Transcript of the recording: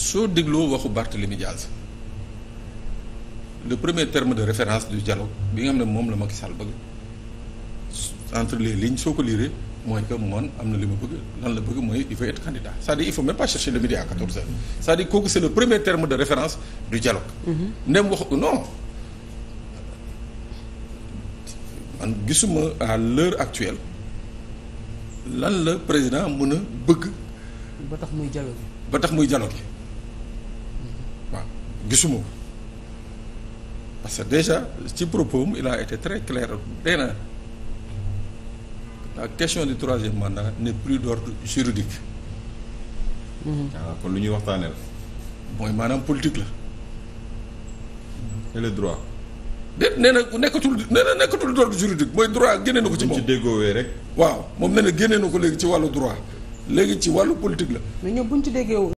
soo dégloo waxu Barthélémy Diaz le premier terme de référence du dialogue bi nga xam ne moom la Macky Sall bëgg entre les lignes soo ko liiree mooy que moom am na li ma bëgg lan la bëgg mooy il faut être candidat c'est-à-dire il faut même pas chercher le midi à 14 heures kooku c'est le premier terme de référence du dialogue mm-hmm. ndem wax non man gisuma à actuelle lan la président mën a bëgg ba tax muy dialogue ba tax muy dialogue gisuma ko parce que déjà ci propos il a très clair nee na la question du troisième mandat n'est plus d'ordre juridique. waaw ah, kon lu ñuy waxtaanee la. mooy maanaam politique la. et le droit. déet nee na nekkatul nee na nekkatul d'ordre juridique mooy droit génne na ko ci moom ci déggoowee rek. waaw moom nee na génne na ko léegi ci wàllu droit léegi ci wàllu politique la. mais ñoom bu ñu ci déggee